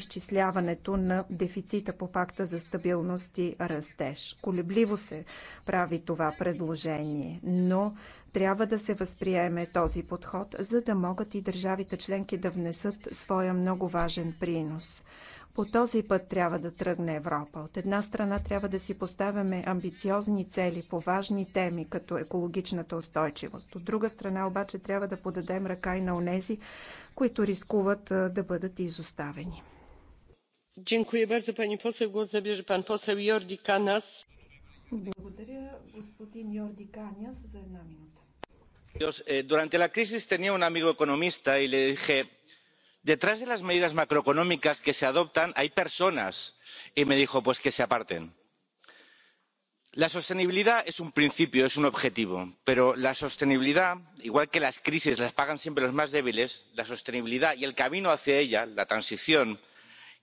изчисляването на дефицита по пакта за стабилност и растеж. Колебливо се прави това предложение, но трябва да се възприеме този подход, за да могат и държавите членки да внесат своя много важен принос. По този път трябва да тръгне Европа. От една страна трябва да си поставяме амбициозни цели по важни теми, като екологичната устойчивост. От друга страна обаче трябва да подадем ръка и на онези, които рискуват да бъдат изоставени. Durante la crisis tenía un amigo economista y le dije, detrás de las medidas macroeconómicas que se adoptan hay personas. Y me dijo, pues que se aparten. La sostenibilidad es un principio, es un objetivo, pero la sostenibilidad, igual que las crisis las pagan siempre los más débiles, la sostenibilidad y el camino hacia ella, la transición,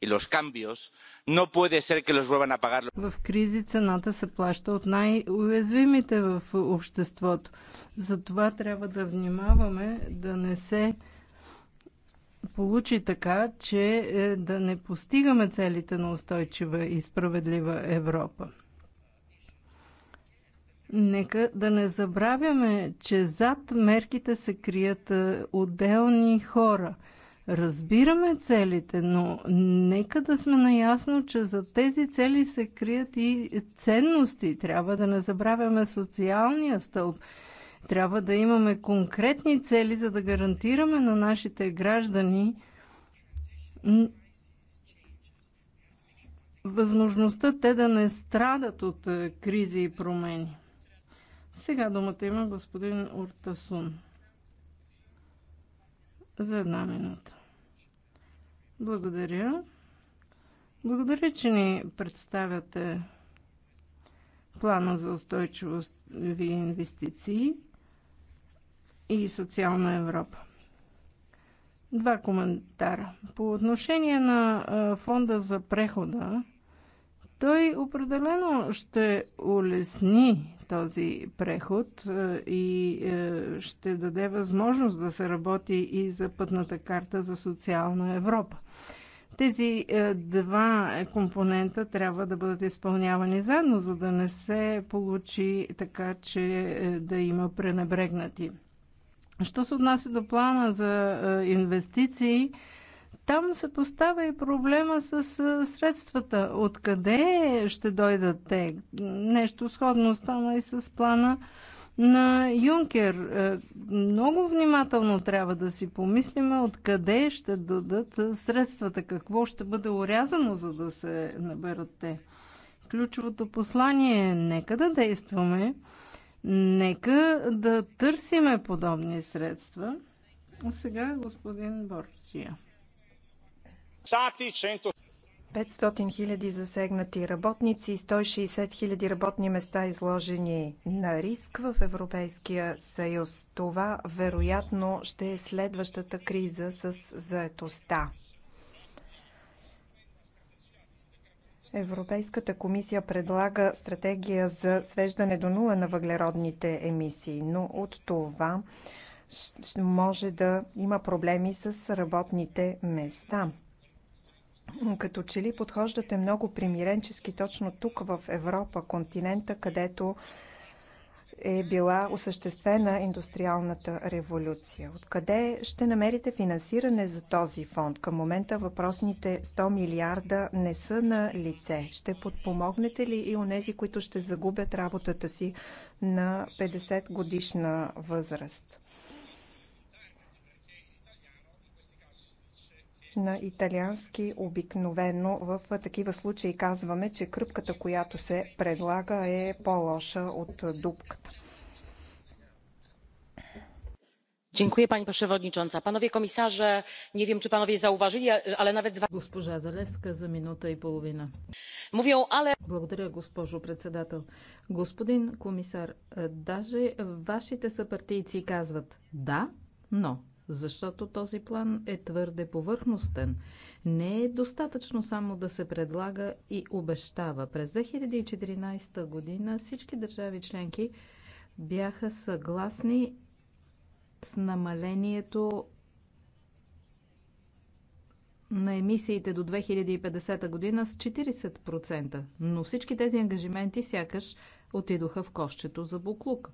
и los cambios, no puede ser que los vuelvan a pagar. В кризи цената се плаща от най-уязвимите в обществото. Затова трябва да внимаваме да не се получи така, че е, да не постигаме целите на устойчива и справедлива Европа. Нека да не забравяме, че зад мерките се крият е, отделни хора – Разбираме целите, но нека да сме наясно, че за тези цели се крият и ценности. Трябва да не забравяме социалния стълб. Трябва да имаме конкретни цели, за да гарантираме на нашите граждани възможността те да не страдат от е, кризи и промени. Сега думата има господин Уртасун. За една минута. Благодаря. Благодаря, че ни представяте плана за устойчивост ви инвестиции и социална Европа. Два коментара. По отношение на фонда за прехода, той определено ще улесни този преход е, и е, ще даде възможност да се работи и за пътната карта за социална Европа. Тези е, два компонента трябва да бъдат изпълнявани заедно, за да не се получи така, че да има пренебрегнати. Що се отнася до плана за инвестиции, там се поставя и проблема с средствата. Откъде ще дойдат те? Нещо сходно стана и с плана на Юнкер. Е, много внимателно трябва да си помислиме откъде ще дадат средствата, какво ще бъде урязано, за да се наберат те. Ключовото послание е нека да действаме, нека да търсиме подобни средства. А сега господин Борсия. 500 хиляди засегнати работници и 160 хиляди работни места изложени на риск в Европейския съюз. Това вероятно ще е следващата криза с заетостта. Европейската комисия предлага стратегия за свеждане до нула на въглеродните емисии, но от това може да има проблеми с работните места. Като че ли подхождате много примиренчески точно тук в Европа, континента, където е била осъществена индустриалната революция. Откъде ще намерите финансиране за този фонд? Към момента въпросните 100 милиарда не са на лице. Ще подпомогнете ли и онези, които ще загубят работата си на 50 годишна възраст? на италиански обикновено в такива случаи казваме, че кръпката, която се предлага е по-лоша от дупката. pani przewodnicząca! panowie komisarze! nie wiem czy panowie zauważyli ale nawet. госпожа залевска за минута и половина. mówią ale. благодаря госпожо председател. господин комисар даже вашите съпартийци казват да но защото този план е твърде повърхностен. Не е достатъчно само да се предлага и обещава. През 2014 година всички държави членки бяха съгласни с намалението на емисиите до 2050 година с 40%, но всички тези ангажименти сякаш отидоха в кошчето за буклук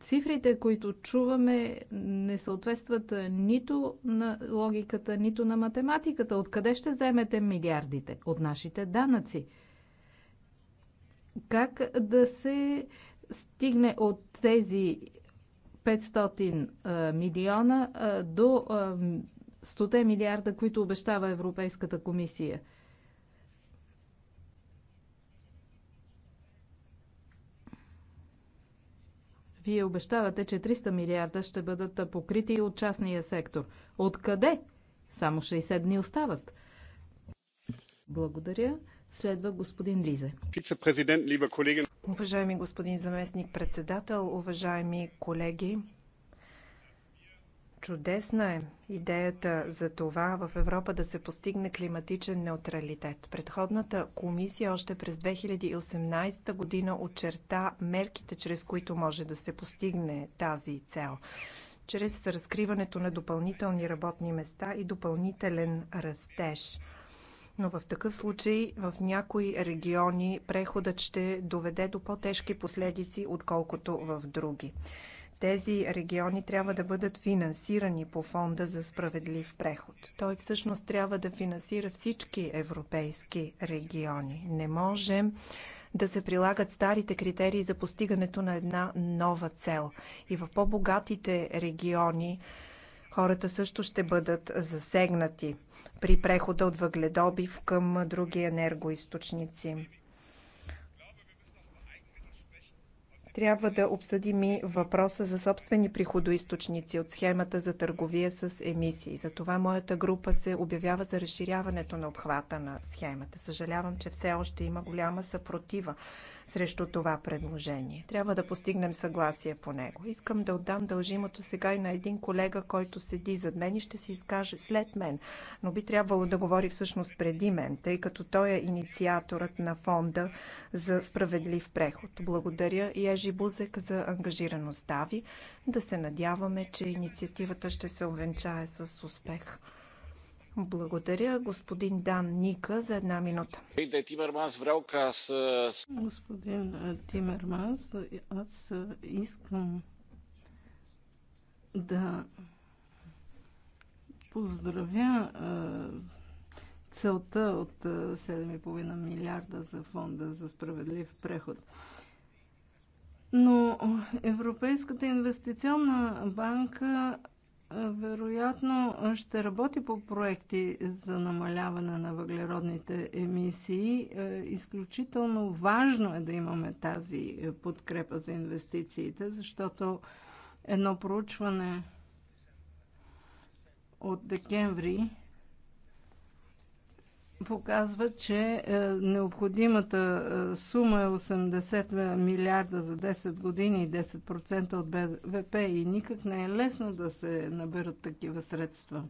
цифрите, които чуваме, не съответстват нито на логиката, нито на математиката. Откъде ще вземете милиардите? От нашите данъци. Как да се стигне от тези 500 милиона до 100 милиарда, които обещава Европейската комисия? Вие обещавате, че 300 милиарда ще бъдат покрити от частния сектор. Откъде? Само 60 дни остават. Благодаря. Следва господин Лизе. Уважаеми господин заместник председател, уважаеми колеги, Чудесна е идеята за това в Европа да се постигне климатичен неутралитет. Предходната комисия още през 2018 година очерта мерките, чрез които може да се постигне тази цел. Чрез разкриването на допълнителни работни места и допълнителен растеж. Но в такъв случай в някои региони преходът ще доведе до по-тежки последици, отколкото в други. Тези региони трябва да бъдат финансирани по Фонда за справедлив преход. Той всъщност трябва да финансира всички европейски региони. Не можем да се прилагат старите критерии за постигането на една нова цел. И в по-богатите региони хората също ще бъдат засегнати при прехода от въгледобив към други енергоисточници. Трябва да обсъдим и въпроса за собствени приходоисточници от схемата за търговия с емисии. Затова моята група се обявява за разширяването на обхвата на схемата. Съжалявам, че все още има голяма съпротива срещу това предложение. Трябва да постигнем съгласие по него. Искам да отдам дължимото сега и на един колега, който седи зад мен и ще се изкаже след мен, но би трябвало да говори всъщност преди мен, тъй като той е инициаторът на фонда за справедлив преход. Благодаря и Ежи Бузек за ангажираността ви. Да се надяваме, че инициативата ще се увенчае с успех. Благодаря, господин Дан Ника, за една минута. Господин Тимерманс, аз искам да поздравя целта от 7,5 милиарда за фонда за справедлив преход. Но Европейската инвестиционна банка вероятно ще работи по проекти за намаляване на въглеродните емисии. Изключително важно е да имаме тази подкрепа за инвестициите, защото едно проучване от декември показва, че е, необходимата е, сума е 80 е, милиарда за 10 години и 10% от БВП и никак не е лесно да се наберат такива средства.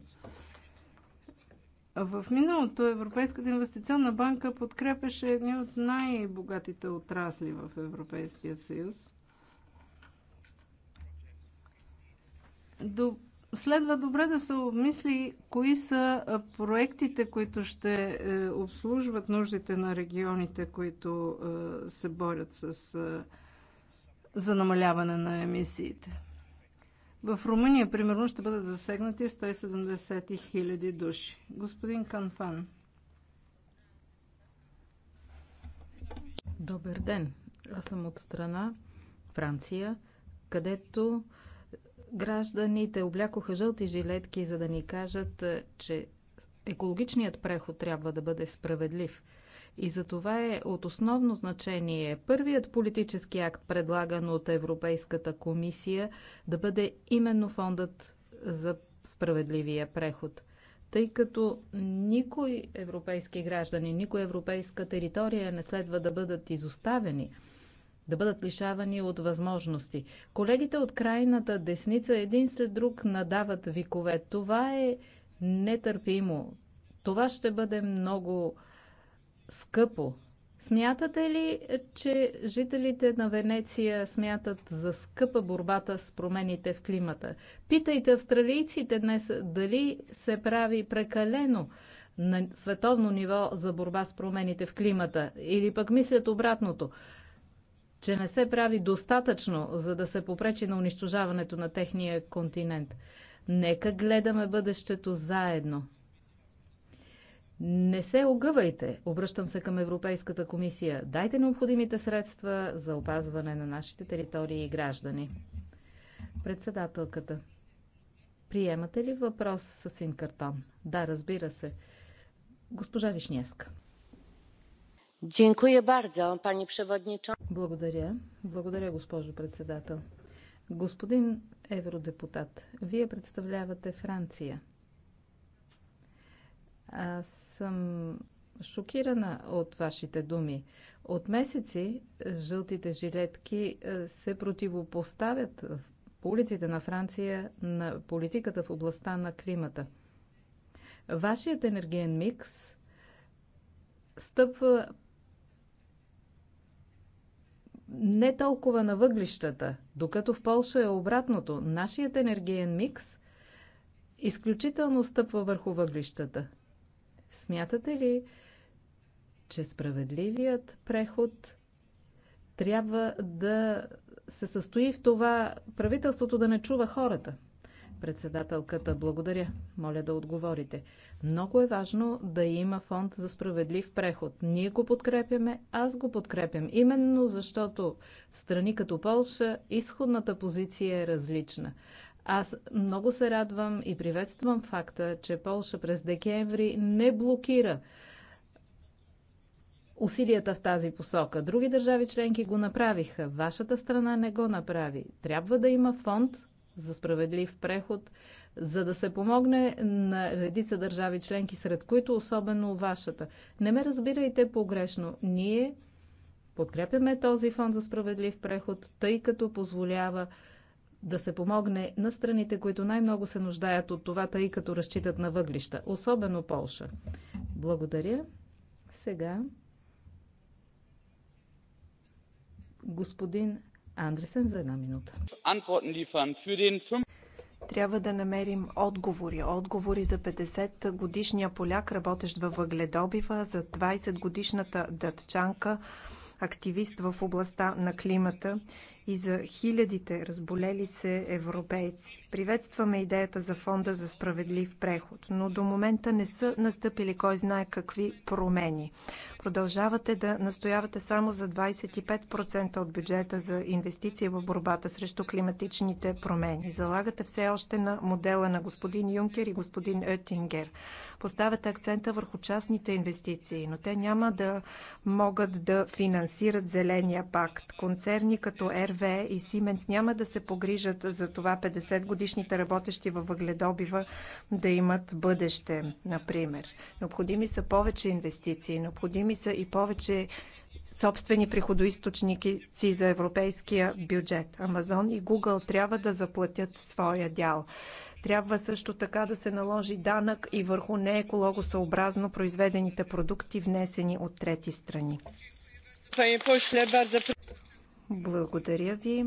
В миналото Европейската инвестиционна банка подкрепеше едни от най-богатите отрасли в Европейския съюз. До следва добре да се обмисли кои са проектите, които ще е, обслужват нуждите на регионите, които се борят с, за намаляване на емисиите. В Румъния, примерно, ще бъдат засегнати 170 хиляди души. Господин Канфан. Добър ден. Аз съм от страна Франция, където Гражданите облякоха жълти жилетки, за да ни кажат, е, че екологичният преход трябва да бъде справедлив. И за това е от основно значение първият политически акт, предлаган от Европейската комисия, да бъде именно фондът за справедливия преход. Тъй като никой европейски граждани, никой европейска територия не следва да бъдат изоставени – да бъдат лишавани от възможности. Колегите от крайната десница един след друг надават викове. Това е нетърпимо. Това ще бъде много скъпо. Смятате ли, че жителите на Венеция смятат за скъпа борбата с промените в климата? Питайте австралийците днес дали се прави прекалено на световно ниво за борба с промените в климата или пък мислят обратното че не се прави достатъчно, за да се попречи на унищожаването на техния континент. Нека гледаме бъдещето заедно. Не се огъвайте, обръщам се към Европейската комисия. Дайте необходимите средства за опазване на нашите територии и граждани. Председателката, приемате ли въпрос с син картон? Да, разбира се. Госпожа Вишневска. Благодаря. Благодаря, госпожо председател. Господин евродепутат, вие представлявате Франция. Аз съм шокирана от вашите думи. От месеци жълтите жилетки е, се противопоставят в улиците на Франция на политиката в областта на климата. Вашият енергиен микс стъпва не толкова на въглищата, докато в Польша е обратното. Нашият енергиен микс изключително стъпва върху въглищата. Смятате ли, че справедливият преход трябва да се състои в това правителството да не чува хората? Председателката, благодаря. Моля да отговорите. Много е важно да има фонд за справедлив преход. Ние го подкрепяме, аз го подкрепям. Именно защото в страни като Полша изходната позиция е различна. Аз много се радвам и приветствам факта, че Полша през декември не блокира усилията в тази посока. Други държави членки го направиха. Вашата страна не го направи. Трябва да има фонд, за справедлив преход, за да се помогне на редица държави членки, сред които особено вашата. Не ме разбирайте погрешно. Ние подкрепяме този фонд за справедлив преход, тъй като позволява да се помогне на страните, които най-много се нуждаят от това, тъй като разчитат на въглища, особено Полша. Благодаря. Сега господин Андресен за една минута. Трябва да намерим отговори. Отговори за 50-годишния поляк, работещ във въгледобива, за 20-годишната датчанка, активист в областта на климата и за хилядите разболели се европейци. Приветстваме идеята за фонда за справедлив преход, но до момента не са настъпили кой знае какви промени. Продължавате да настоявате само за 25% от бюджета за инвестиции в борбата срещу климатичните промени. Залагате все още на модела на господин Юнкер и господин Оттингер. Поставяте акцента върху частните инвестиции, но те няма да могат да финансират зеления пакт. Концерни като Air РВЕ и Сименс няма да се погрижат за това 50-годишните работещи във въгледобива да имат бъдеще, например. Необходими са повече инвестиции, необходими са и повече собствени приходоисточници за европейския бюджет. Амазон и Google трябва да заплатят своя дял. Трябва също така да се наложи данък и върху неекологосъобразно произведените продукти, внесени от трети страни. Благодаря ви.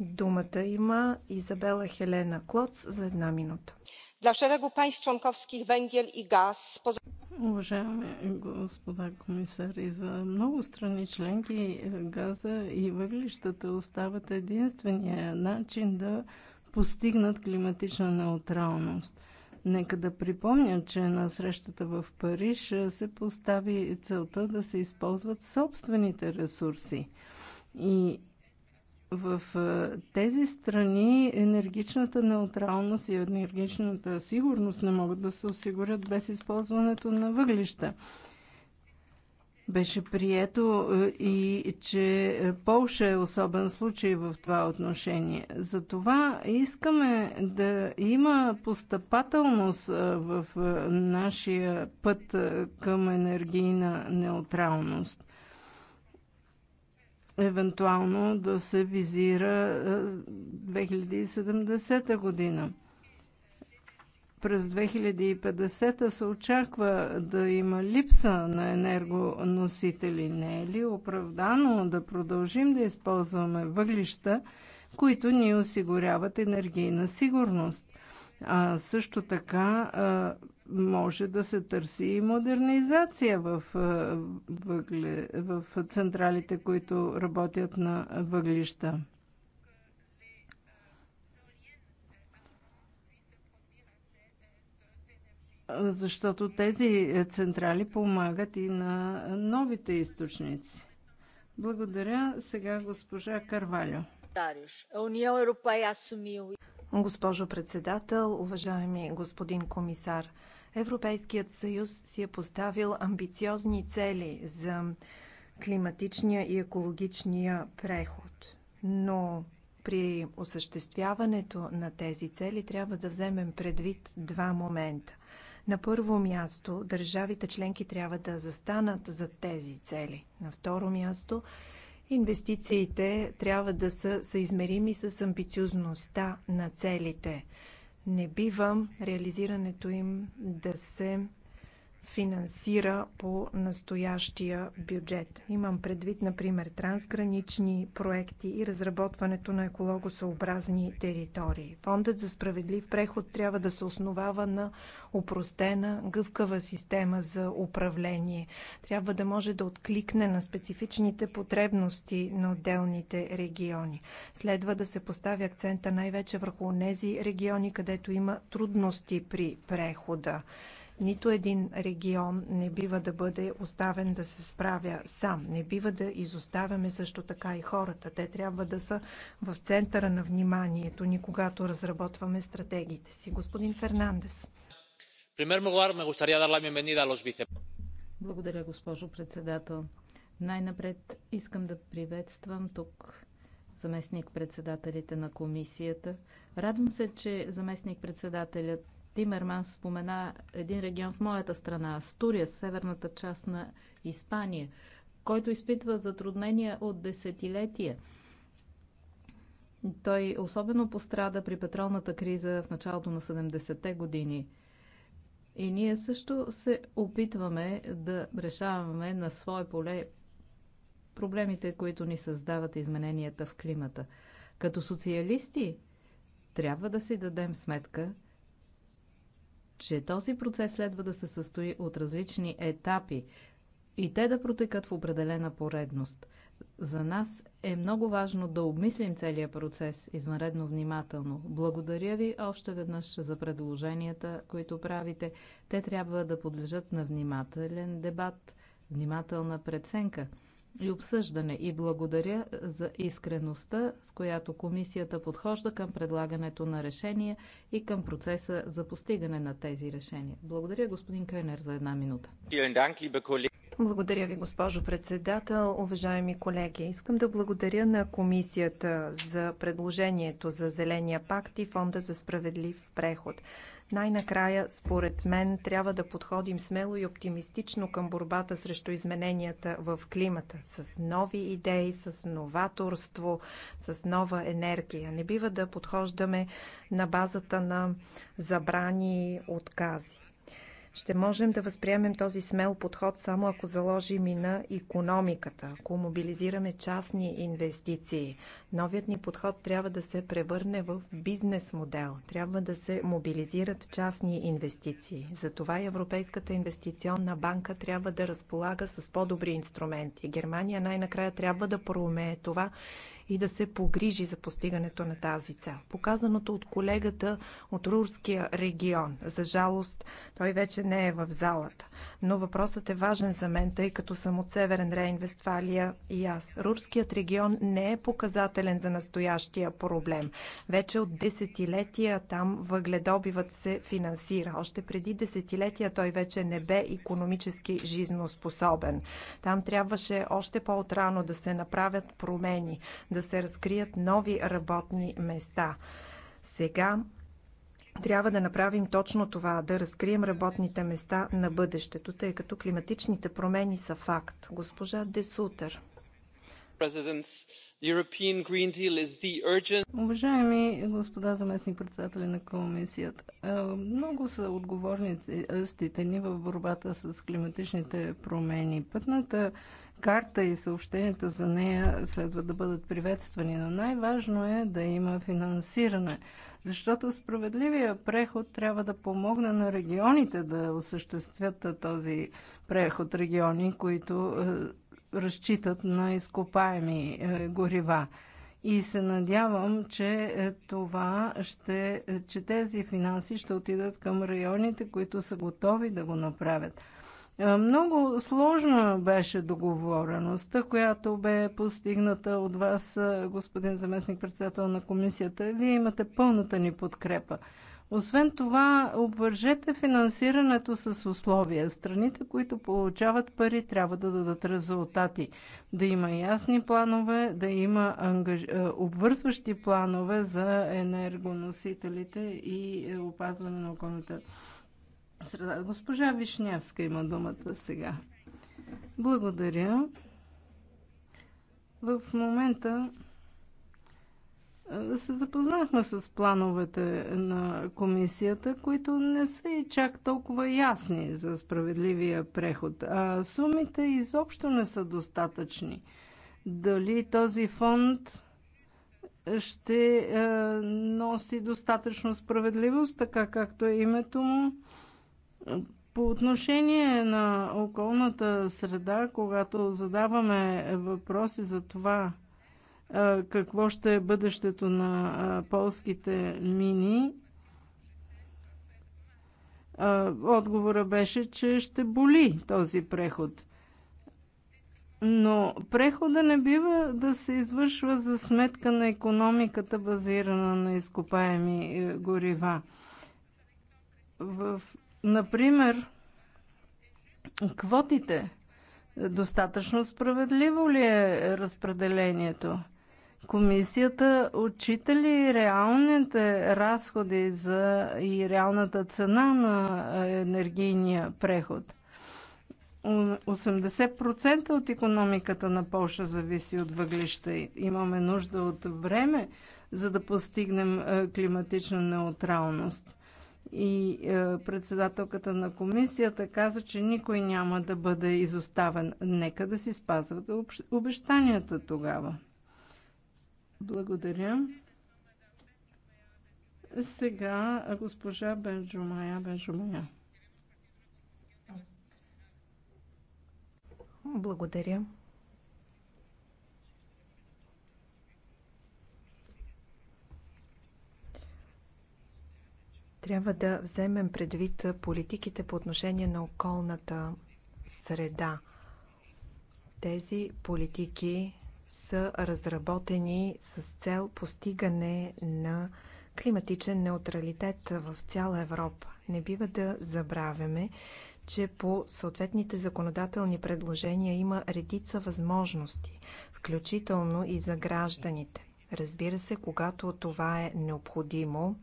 Думата има Изабела Хелена Клоц за една минута. Для szeregu państw członkowskich венгел и газ... Уважаеми господа комисари, за много страни членки газа и въглищата остават единствения начин да постигнат климатична неутралност. Нека да припомня, че на срещата в Париж се постави целта да се използват собствените ресурси – и в тези страни енергичната неутралност и енергичната сигурност не могат да се осигурят без използването на въглища. Беше прието и че Полша е особен случай в това отношение. Затова искаме да има постъпателност в нашия път към енергийна неутралност евентуално да се визира 2070 е, година. През 2050 се очаква да има липса на енергоносители. Не е ли оправдано да продължим да използваме въглища, които ни осигуряват енергийна сигурност? А също така е, може да се търси и модернизация в, въгле, в централите, които работят на въглища. Защото тези централи помагат и на новите източници. Благодаря. Сега госпожа Карвалю. Госпожо председател, уважаеми господин комисар, Европейският съюз си е поставил амбициозни цели за климатичния и екологичния преход. Но при осъществяването на тези цели трябва да вземем предвид два момента. На първо място, държавите членки трябва да застанат за тези цели. На второ място, инвестициите трябва да са съизмерими с амбициозността на целите – не бивам реализирането им да се финансира по настоящия бюджет. Имам предвид, например, трансгранични проекти и разработването на екологосъобразни територии. Фондът за справедлив преход трябва да се основава на упростена, гъвкава система за управление. Трябва да може да откликне на специфичните потребности на отделните региони. Следва да се постави акцента най-вече върху тези региони, където има трудности при прехода нито един регион не бива да бъде оставен да се справя сам. Не бива да изоставяме също така и хората. Те трябва да са в центъра на вниманието ни, когато разработваме стратегиите си. Господин Фернандес. Благодаря, госпожо председател. Най-напред искам да приветствам тук заместник-председателите на комисията. Радвам се, че заместник-председателят Тимерман спомена един регион в моята страна, Астурия, северната част на Испания, който изпитва затруднения от десетилетия. Той особено пострада при петролната криза в началото на 70-те години. И ние също се опитваме да решаваме на свое поле проблемите, които ни създават измененията в климата. Като социалисти трябва да си дадем сметка – че този процес следва да се състои от различни етапи и те да протекат в определена поредност. За нас е много важно да обмислим целият процес извънредно внимателно. Благодаря ви още веднъж за предложенията, които правите. Те трябва да подлежат на внимателен дебат, внимателна преценка – и обсъждане и благодаря за искреността, с която комисията подхожда към предлагането на решения и към процеса за постигане на тези решения. Благодаря господин Кенер за една минута. Благодаря ви, госпожо председател. Уважаеми колеги, искам да благодаря на комисията за предложението за Зеления пакт и Фонда за справедлив преход. Най-накрая, според мен, трябва да подходим смело и оптимистично към борбата срещу измененията в климата. С нови идеи, с новаторство, с нова енергия. Не бива да подхождаме на базата на забрани откази. Ще можем да възприемем този смел подход само ако заложим и на економиката, ако мобилизираме частни инвестиции. Новият ни подход трябва да се превърне в бизнес модел. Трябва да се мобилизират частни инвестиции. Затова и Европейската инвестиционна банка трябва да разполага с по-добри инструменти. Германия най-накрая трябва да проумее това и да се погрижи за постигането на тази цел. Показаното от колегата от Рурския регион. За жалост, той вече не е в залата. Но въпросът е важен за мен, тъй като съм от Северен Рейн, Вестфалия и аз. Рурският регион не е показателен за настоящия проблем. Вече от десетилетия там въгледобивът се финансира. Още преди десетилетия той вече не бе економически жизноспособен. Там трябваше още по-отрано да се направят промени, да да се разкрият нови работни места. Сега трябва да направим точно това, да разкрием работните места на бъдещето, тъй като климатичните промени са факт. Госпожа Десутер. Уважаеми господа заместни председатели на комисията, е, много са отговорниците ни в борбата с климатичните промени. Пътната карта и съобщенията за нея следва да бъдат приветствани, но най-важно е да има финансиране, защото справедливия преход трябва да помогне на регионите да осъществят този преход, региони, които е, разчитат на изкопаеми е, горива. И се надявам, че е, това ще, че тези финанси ще отидат към районите, които са готови да го направят. Е, много сложна беше договореността, която бе постигната от вас, е, господин заместник-председател на комисията. Вие имате пълната ни подкрепа. Освен това, обвържете финансирането с условия. Страните, които получават пари, трябва да дадат резултати. Да има ясни планове, да има ангаж... Е, обвързващи планове за енергоносителите и опазване на околната среда. Госпожа Вишнявска има думата сега. Благодаря. В момента се запознахме с плановете на комисията, които не са и чак толкова ясни за справедливия преход. А сумите изобщо не са достатъчни. Дали този фонд ще носи достатъчно справедливост, така както е името му? По отношение на околната среда, когато задаваме въпроси за това какво ще е бъдещето на полските мини, отговора беше, че ще боли този преход. Но прехода не бива да се извършва за сметка на економиката, базирана на изкопаеми е, горива. В Например, квотите. Достатъчно справедливо ли е разпределението? Комисията отчита ли реалните разходи за и реалната цена на енергийния преход? 80% от економиката на Польша зависи от въглища. Имаме нужда от време, за да постигнем е, климатична неутралност и е, председателката на комисията каза, че никой няма да бъде изоставен. Нека да си спазват обещанията тогава. Благодаря. Сега е, госпожа Бенджумая. Бенджумая. Благодаря. Трябва да вземем предвид политиките по отношение на околната среда. Тези политики са разработени с цел постигане на климатичен неутралитет в цяла Европа. Не бива да забравяме, че по съответните законодателни предложения има редица възможности, включително и за гражданите. Разбира се, когато това е необходимо,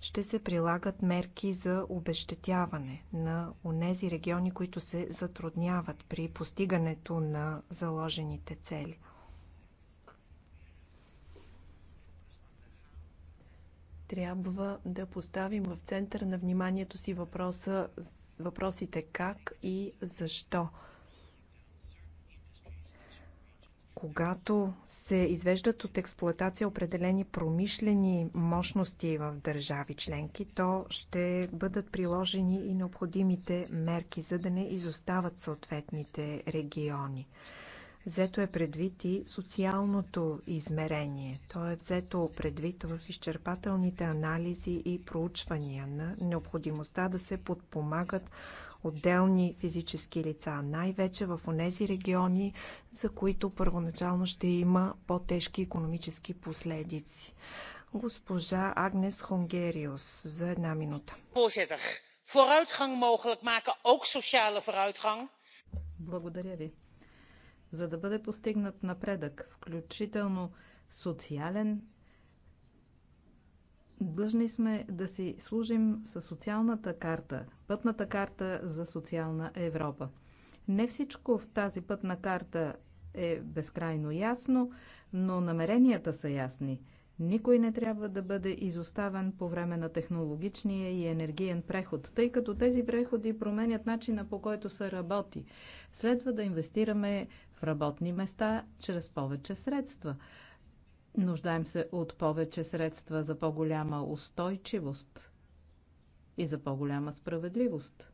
ще се прилагат мерки за обещетяване на онези региони, които се затрудняват при постигането на заложените цели. Трябва да поставим в центъра на вниманието си въпроса, въпросите как и защо когато се извеждат от експлоатация определени промишлени мощности в държави членки, то ще бъдат приложени и необходимите мерки, за да не изостават съответните региони. Взето е предвид и социалното измерение. То е взето предвид в изчерпателните анализи и проучвания на необходимостта да се подпомагат отделни физически лица, най-вече в онези региони, за които първоначално ще има по-тежки економически последици. Госпожа Агнес Хонгериус за една минута. Благодаря ви. За да бъде постигнат напредък, включително социален Длъжни сме да си служим със социалната карта, пътната карта за социална Европа. Не всичко в тази пътна карта е безкрайно ясно, но намеренията са ясни. Никой не трябва да бъде изоставен по време на технологичния и енергиен преход, тъй като тези преходи променят начина по който се работи. Следва да инвестираме в работни места чрез повече средства. Нуждаем се от повече средства за по-голяма устойчивост и за по-голяма справедливост.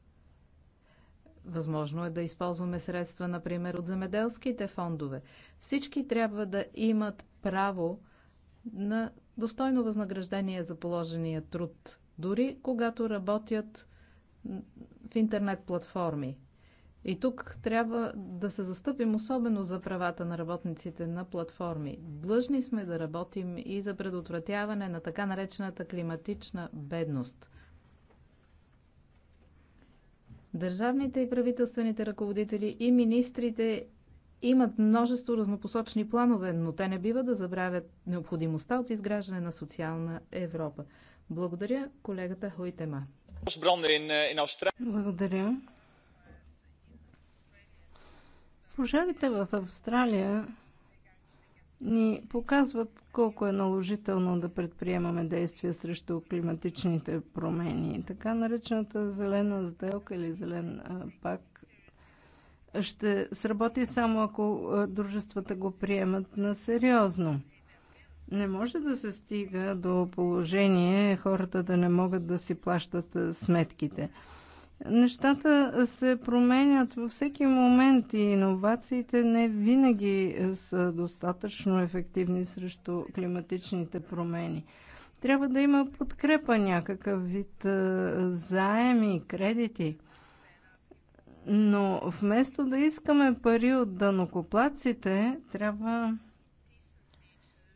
Възможно е да използваме средства, например, от земеделските фондове. Всички трябва да имат право на достойно възнаграждение за положения труд, дори когато работят в интернет платформи. И тук трябва да се застъпим особено за правата на работниците на платформи. Длъжни сме да работим и за предотвратяване на така наречената климатична бедност. Държавните и правителствените ръководители и министрите имат множество разнопосочни планове, но те не бива да забравят необходимостта от изграждане на социална Европа. Благодаря колегата Хойтема. Е е Благодаря. Пожарите в Австралия ни показват колко е наложително да предприемаме действия срещу климатичните промени. Така наречената зелена сделка или зелен пак ще сработи само ако дружествата го приемат на сериозно. Не може да се стига до положение хората да не могат да си плащат сметките. Нещата се променят във всеки момент и иновациите не винаги са достатъчно ефективни срещу климатичните промени. Трябва да има подкрепа някакъв вид заеми, кредити. Но вместо да искаме пари от данокоплаците, трябва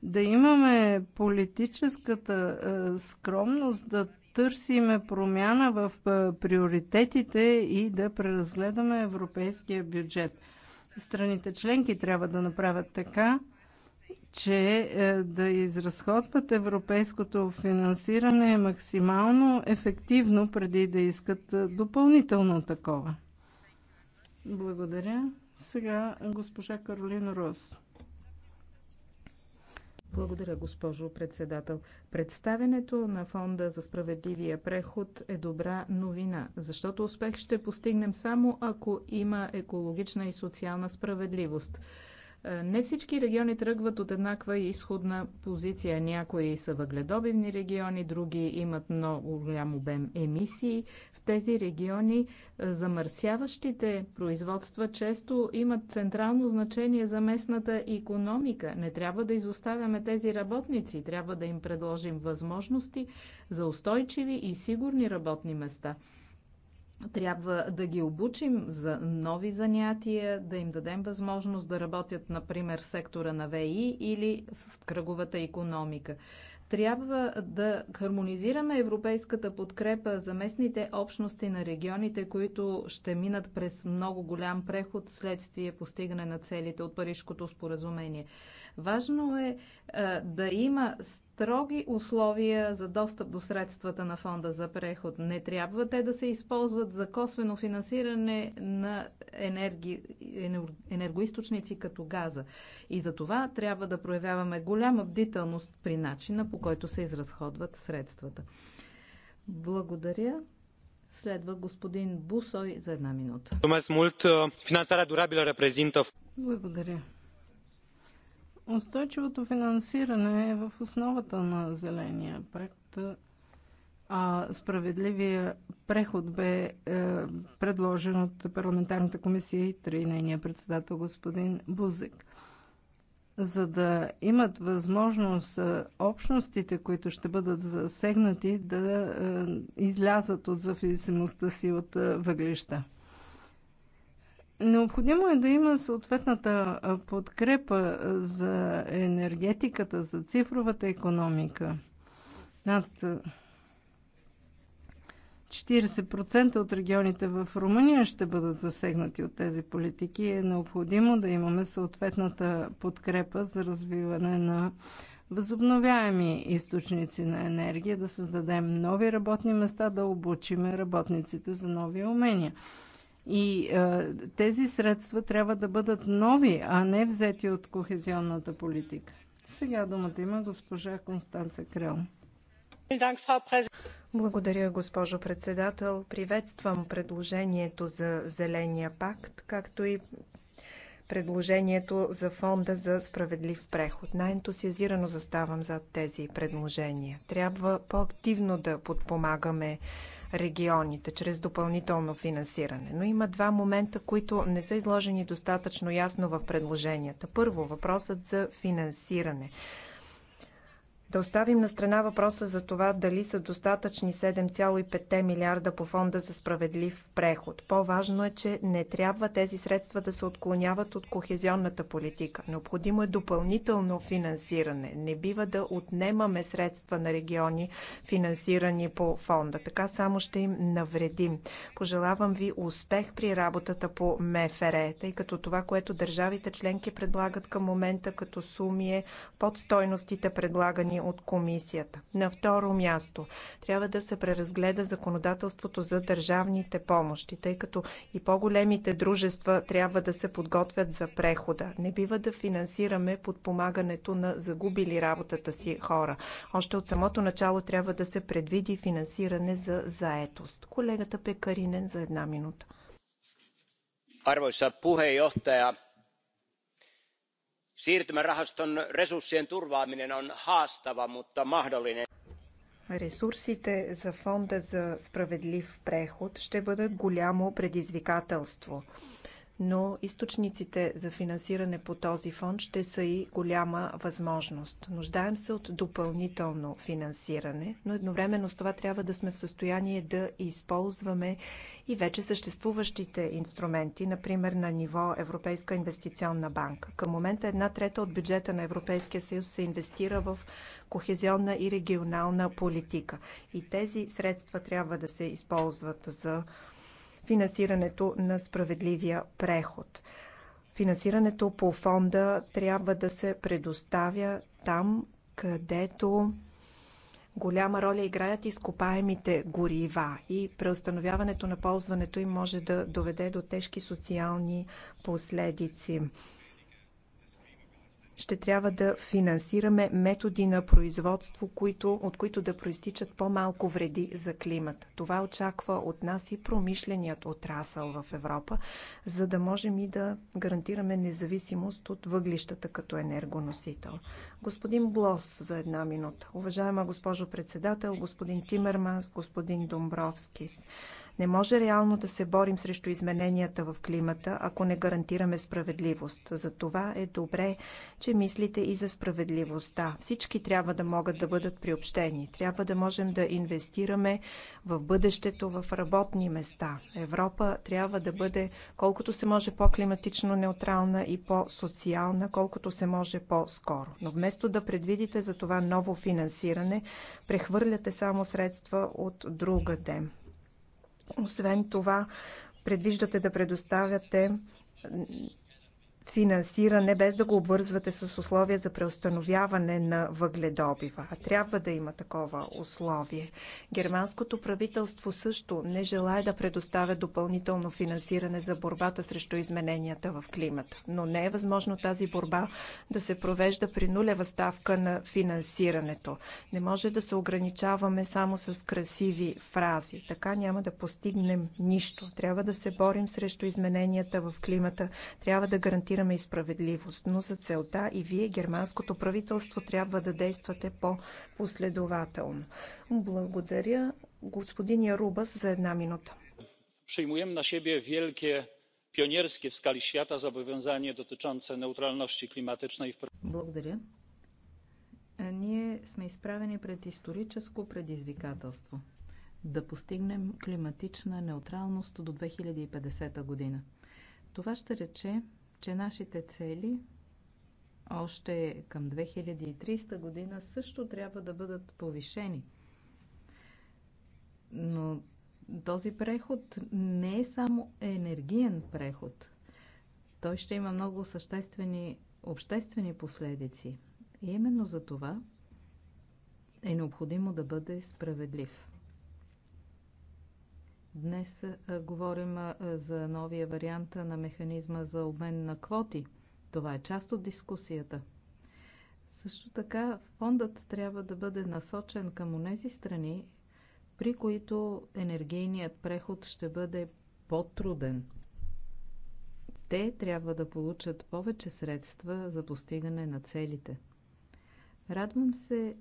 да имаме политическата скромност да търсиме промяна в приоритетите и да преразгледаме европейския бюджет. Страните членки трябва да направят така, че е, да изразходват европейското финансиране максимално ефективно преди да искат е, допълнително такова. Благодаря. Сега госпожа Каролина Рос. Благодаря, госпожо председател. Представенето на Фонда за справедливия преход е добра новина, защото успех ще постигнем само ако има екологична и социална справедливост. Е, не всички региони тръгват от еднаква изходна позиция. Някои са въгледобивни региони, други имат много голям обем емисии. В тези региони е, замърсяващите производства често имат централно значение за местната економика. Не трябва да изоставяме тези работници. Трябва да им предложим възможности за устойчиви и сигурни работни места. Трябва да ги обучим за нови занятия, да им дадем възможност да работят, например, в сектора на ВИ или в кръговата економика трябва да хармонизираме европейската подкрепа за местните общности на регионите, които ще минат през много голям преход следствие постигане на целите от Парижското споразумение. Важно е да има строги условия за достъп до средствата на фонда за преход. Не трябва те да се използват за косвено финансиране на енерги... енергоисточници като газа. И за това трябва да проявяваме голяма бдителност при начина по който се изразходват средствата. Благодаря. Следва господин Бусой за една минута. Благодаря. Устойчивото финансиране е в основата на Зеления пакт, а справедливия преход бе е, предложен от парламентарната комисия и три нейния председател господин Бузик. За да имат възможност е, общностите, които ще бъдат засегнати, да е, излязат от зависимостта си от е, въглища. Необходимо е да има съответната подкрепа за енергетиката, за цифровата економика. Над 40% от регионите в Румъния ще бъдат засегнати от тези политики и е необходимо да имаме съответната подкрепа за развиване на възобновяеми източници на енергия, да създадем нови работни места, да обучиме работниците за нови умения. И а, е, тези средства трябва да бъдат нови, а не взети от кохезионната политика. Сега думата има госпожа Констанца Крел. Благодаря, госпожо председател. Приветствам предложението за Зеления пакт, както и предложението за фонда за справедлив преход. Най-ентусиазирано заставам зад тези предложения. Трябва по-активно да подпомагаме регионите чрез допълнително финансиране. Но има два момента, които не са изложени достатъчно ясно в предложенията. Първо, въпросът за финансиране. Да оставим на страна въпроса за това дали са достатъчни 7,5 милиарда по фонда за справедлив преход. По-важно е, че не трябва тези средства да се отклоняват от кохезионната политика. Необходимо е допълнително финансиране. Не бива да отнемаме средства на региони, финансирани по фонда. Така само ще им навредим. Пожелавам ви успех при работата по МФР, тъй като това, което държавите членки предлагат към момента като суми е под стойностите предлагани предложени от комисията. На второ място, трябва да се преразгледа законодателството за държавните помощи, тъй като и по-големите дружества трябва да се подготвят за прехода. Не бива да финансираме подпомагането на загубили работата си хора. Още от самото начало трябва да се предвиди финансиране за заетост. Колегата Пекаринен за една минута. Arvoisa puheenjohtaja, Siirtymärahaston resurssien turvaaminen on haastava, mutta mahdollinen. Ресурсите за фонда за справедлив преход ще бъдат голямо предизвикателство но източниците за финансиране по този фонд ще са и голяма възможност. Нуждаем се от допълнително финансиране, но едновременно с това трябва да сме в състояние да използваме и вече съществуващите инструменти, например на ниво Европейска инвестиционна банка. Към момента една трета от бюджета на Европейския съюз се инвестира в кохезионна и регионална политика. И тези средства трябва да се използват за финансирането на справедливия преход. Финансирането по фонда трябва да се предоставя там, където голяма роля играят изкопаемите горива и преустановяването на ползването им може да доведе до тежки социални последици ще трябва да финансираме методи на производство, които, от които да проистичат по-малко вреди за климата. Това очаква от нас и промишленият отрасъл в Европа, за да можем и да гарантираме независимост от въглищата като енергоносител. Господин Блос за една минута. Уважаема госпожо председател, господин Тимерманс, господин Домбровскис. Не може реално да се борим срещу измененията в климата, ако не гарантираме справедливост. За това е добре, че мислите и за справедливостта. Всички трябва да могат да бъдат приобщени. Трябва да можем да инвестираме в бъдещето, в работни места. Европа трябва да бъде колкото се може по-климатично неутрална и по-социална, колкото се може по-скоро. Но вместо да предвидите за това ново финансиране, прехвърляте само средства от друга ден. Освен това, предвиждате да предоставяте финансиране, без да го обвързвате с условия за преустановяване на въгледобива. А трябва да има такова условие. Германското правителство също не желая да предоставя допълнително финансиране за борбата срещу измененията в климата. Но не е възможно тази борба да се провежда при нулева ставка на финансирането. Не може да се ограничаваме само с красиви фрази. Така няма да постигнем нищо. Трябва да се борим срещу измененията в климата. Трябва да гарантираме гарантираме и справедливост, но за целта и вие, германското правителство, трябва да действате по-последователно. Благодаря господин Ярубас за една минута. Przyjmujemy na siebie wielkie pionierskie w skali świata zobowiązanie климатична и klimatycznej. Благодаря. Е, ние сме изправени пред историческо предизвикателство да постигнем климатична неутралност до 2050 година. Това ще рече че нашите цели още към 2300 година също трябва да бъдат повишени. Но този преход не е само енергиен преход. Той ще има много съществени обществени последици. И именно за това е необходимо да бъде справедлив. Днес говорим за новия вариант на механизма за обмен на квоти. Това е част от дискусията. Също така, фондът трябва да бъде насочен към онези страни, при които енергийният преход ще бъде по-труден. Те трябва да получат повече средства за постигане на целите. Радвам се,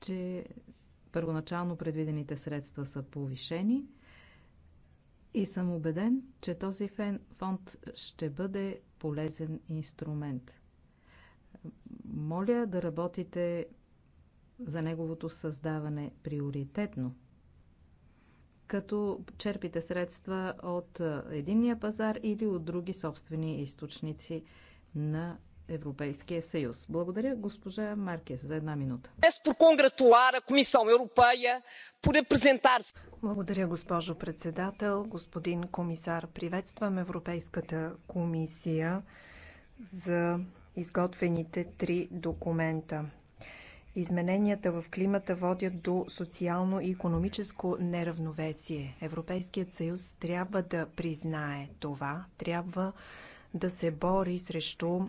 че първоначално предвидените средства са повишени – и съм убеден, че този фонд ще бъде полезен инструмент. Моля да работите за неговото създаване приоритетно, като черпите средства от единния пазар или от други собствени източници на Европейския съюз. Благодаря госпожа Маркес за една минута. Благодаря госпожо председател, господин комисар. Приветствам Европейската комисия за изготвените три документа. Измененията в климата водят до социално и економическо неравновесие. Европейският съюз трябва да признае това, трябва да се бори срещу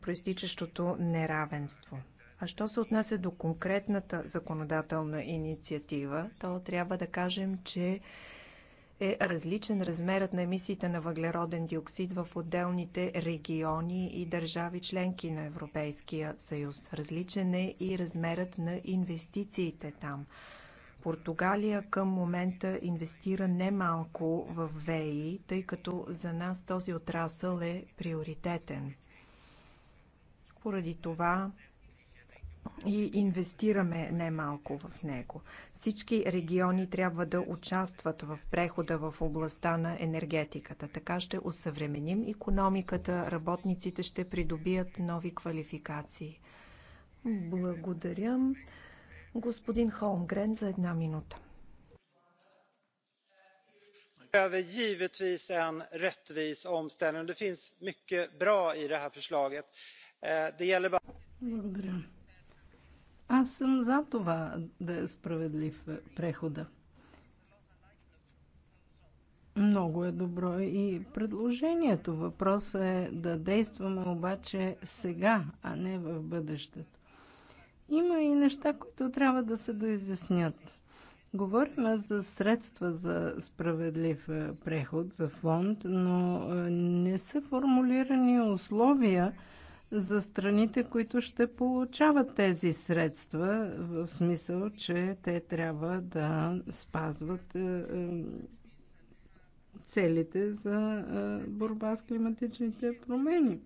проистичащото неравенство. А що се отнася до конкретната законодателна инициатива, то трябва да кажем, че е различен размерът на емисиите на въглероден диоксид в отделните региони и държави членки на Европейския съюз. Различен е и размерът на инвестициите там. Португалия към момента инвестира немалко в ВЕИ, тъй като за нас този отрасъл е приоритетен. Поради това и инвестираме немалко в него. Всички региони трябва да участват в прехода в областта на енергетиката. Така ще усъвременим економиката, работниците ще придобият нови квалификации. Благодаря. Господин Холмгрен за една минута. behöver givetvis en rättvis omställning. Det finns mycket bra i det här förslaget. Е, Благодаря. Аз съм за това да е справедлив е, прехода. Много е добро и предложението. Въпросът е да действаме обаче сега, а не в бъдещето. Има и неща, които трябва да се доизяснят. Говорим за средства за справедлив е, преход, за фонд, но не са формулирани условия, за страните, които ще получават тези средства, в смисъл, че те трябва да спазват е, е, целите за е, борба с климатичните промени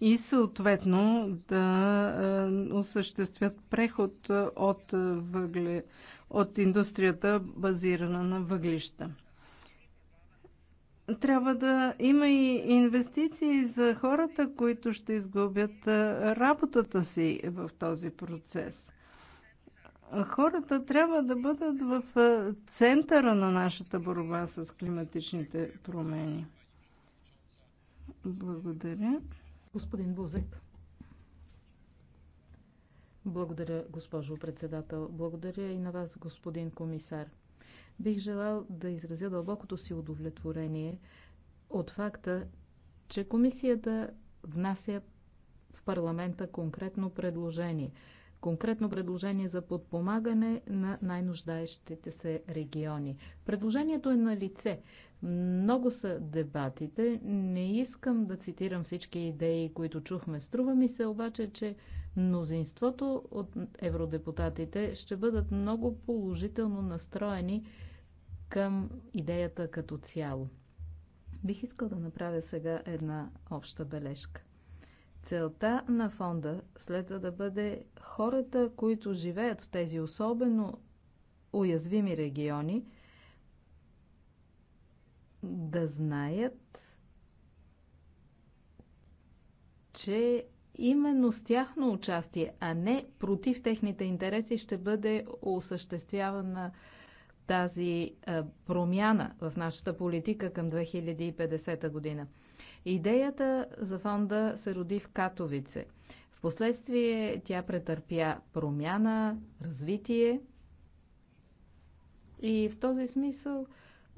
и съответно да осъществят преход от, въгле, от индустрията базирана на въглища трябва да има и инвестиции за хората, които ще изгубят работата си в този процес. Хората трябва да бъдат в центъра на нашата борба с климатичните промени. Благодаря. Господин Бузек. Благодаря, госпожо председател. Благодаря и на вас, господин комисар. Бих желал да изразя дълбокото си удовлетворение от факта, че комисията внася в парламента конкретно предложение. Конкретно предложение за подпомагане на най-нуждаещите се региони. Предложението е на лице. Много са дебатите. Не искам да цитирам всички идеи, които чухме. Струва ми се обаче, че мнозинството от евродепутатите ще бъдат много положително настроени към идеята като цяло. Бих искал да направя сега една обща бележка. Целта на фонда следва да бъде хората, които живеят в тези особено уязвими региони, да знаят, че именно с тяхно участие, а не против техните интереси, ще бъде осъществявана тази промяна в нашата политика към 2050 година. Идеята за фонда се роди в Катовице. Впоследствие тя претърпя промяна, развитие и в този смисъл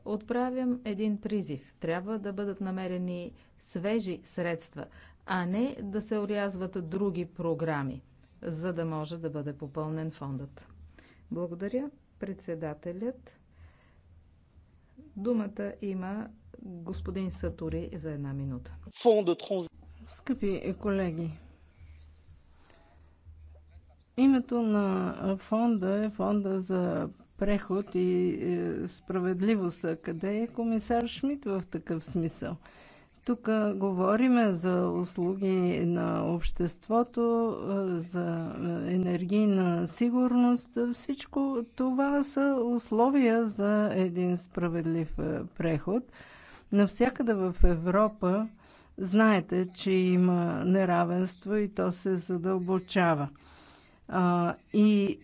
отправям един призив. Трябва да бъдат намерени свежи средства, а не да се орязват други програми, за да може да бъде попълнен фондът. Благодаря. Председателят. Думата има господин Сатури за една минута. Скъпи колеги, името на фонда е фонда за преход и е, справедливост. Къде е комисар Шмидт в такъв смисъл? Тук говорим за услуги на обществото, за енергийна сигурност. Всичко това са условия за един справедлив преход. Навсякъде в Европа знаете, че има неравенство и то се задълбочава. и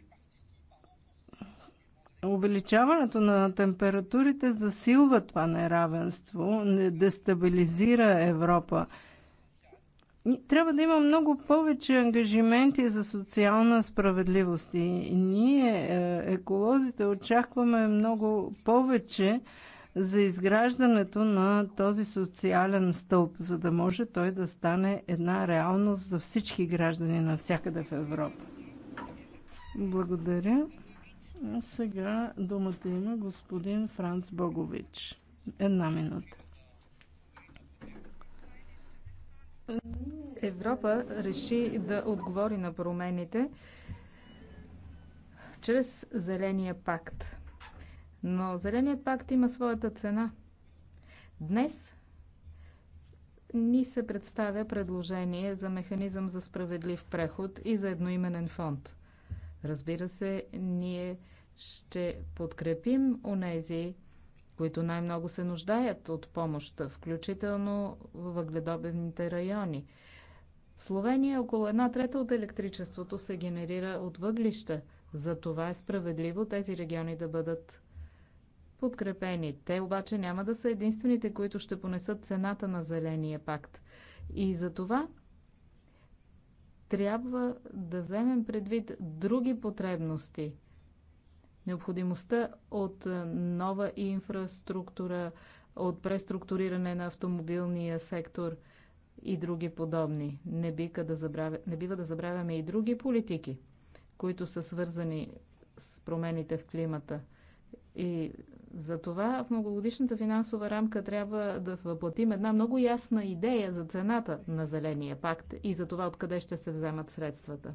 Увеличаването на температурите засилва това неравенство, не дестабилизира Европа. Трябва да има много повече ангажименти за социална справедливост. И ние, е, еколозите, очакваме много повече за изграждането на този социален стълб, за да може той да стане една реалност за всички граждани навсякъде в Европа. Благодаря. Сега думата има господин Франц Богович. Една минута. Европа реши да отговори на промените чрез Зеления пакт. Но Зеленият пакт има своята цена. Днес ни се представя предложение за механизъм за справедлив преход и за едноименен фонд – Разбира се, ние ще подкрепим онези, които най-много се нуждаят от помощ, включително във въгледобивните райони. В Словения около една трета от електричеството се генерира от въглища. За това е справедливо тези региони да бъдат подкрепени. Те обаче няма да са единствените, които ще понесат цената на Зеления пакт. И за това трябва да вземем предвид други потребности. Необходимостта от е, нова инфраструктура, от преструктуриране на автомобилния сектор и други подобни. Не, бика да забравя, не бива да забравяме и други политики, които са свързани с промените в климата – и за това в многогодишната финансова рамка трябва да въплатим една много ясна идея за цената на Зеления пакт и за това откъде ще се вземат средствата.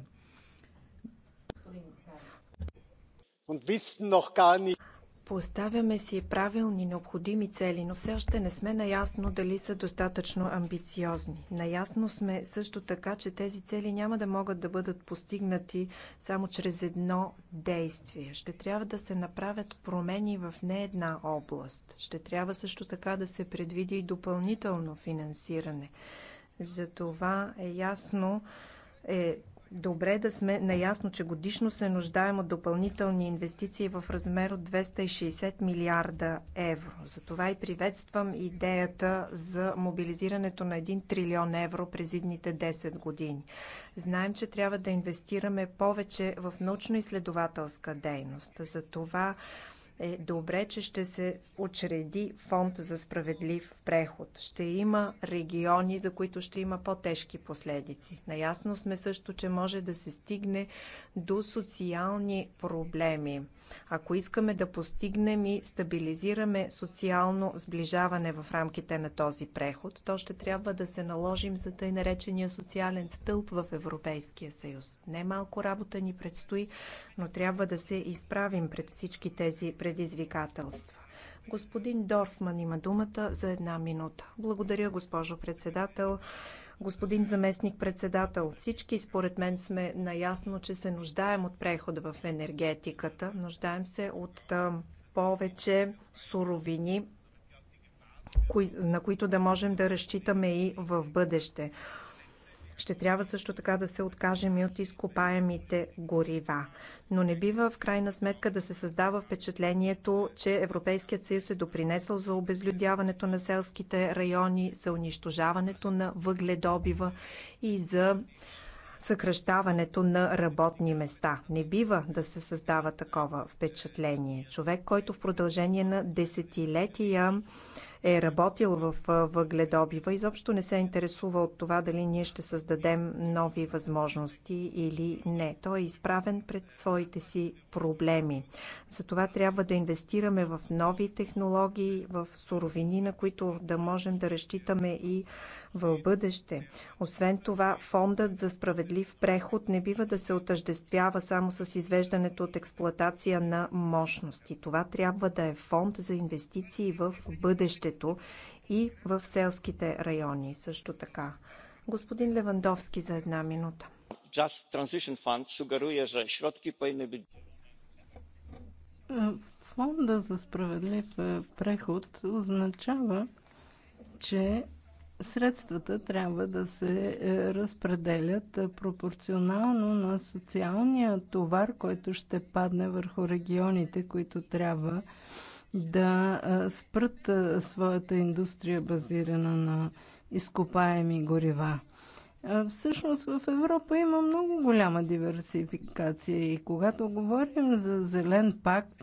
Поставяме си правилни, необходими цели, но все още не сме наясно дали са достатъчно амбициозни. Наясно сме също така, че тези цели няма да могат да бъдат постигнати само чрез едно действие. Ще трябва да се направят промени в не една област. Ще трябва също така да се предвиди и допълнително финансиране. За това е ясно, е добре да сме наясно, че годишно се нуждаем от допълнителни инвестиции в размер от 260 милиарда евро. Затова и приветствам идеята за мобилизирането на 1 трилион евро през идните 10 години. Знаем, че трябва да инвестираме повече в научно-изследователска дейност. Затова е добре, че ще се учреди фонд за справедлив преход. Ще има региони, за които ще има по-тежки последици. Наясно сме също, че може да се стигне до социални проблеми. Ако искаме да постигнем и стабилизираме социално сближаване в рамките на този преход, то ще трябва да се наложим за тъй наречения социален стълб в Европейския съюз. Немалко работа ни предстои, но трябва да се изправим пред всички тези предизвикателства. Господин Дорфман има думата за една минута. Благодаря, госпожо председател. Господин заместник председател, всички според мен сме наясно, че се нуждаем от прехода в енергетиката. Нуждаем се от повече суровини, на които да можем да разчитаме и в бъдеще. Ще трябва също така да се откажем и от изкопаемите горива. Но не бива в крайна сметка да се създава впечатлението, че Европейският съюз е допринесъл за обезлюдяването на селските райони, за унищожаването на въгледобива и за съкръщаването на работни места. Не бива да се създава такова впечатление. Човек, който в продължение на десетилетия е работил в въгледобива, изобщо не се интересува от това дали ние ще създадем нови възможности или не. Той е изправен пред своите си проблеми. Затова трябва да инвестираме в нови технологии, в суровини, на които да можем да разчитаме и в бъдеще. Освен това, фондът за справедлив преход не бива да се отъждествява само с извеждането от експлоатация на мощности. Това трябва да е фонд за инвестиции в бъдещето и в селските райони също така. Господин Левандовски за една минута. Just Transition Fund sugeruje, że środki powinny być... Фонда за справедлив е, преход означава, че средствата трябва да се е, разпределят е, пропорционално на социалния товар, който ще падне върху регионите, които трябва да е, спрат своята индустрия, базирана на изкопаеми горива. Всъщност в Европа има много голяма диверсификация и когато говорим за зелен пакт,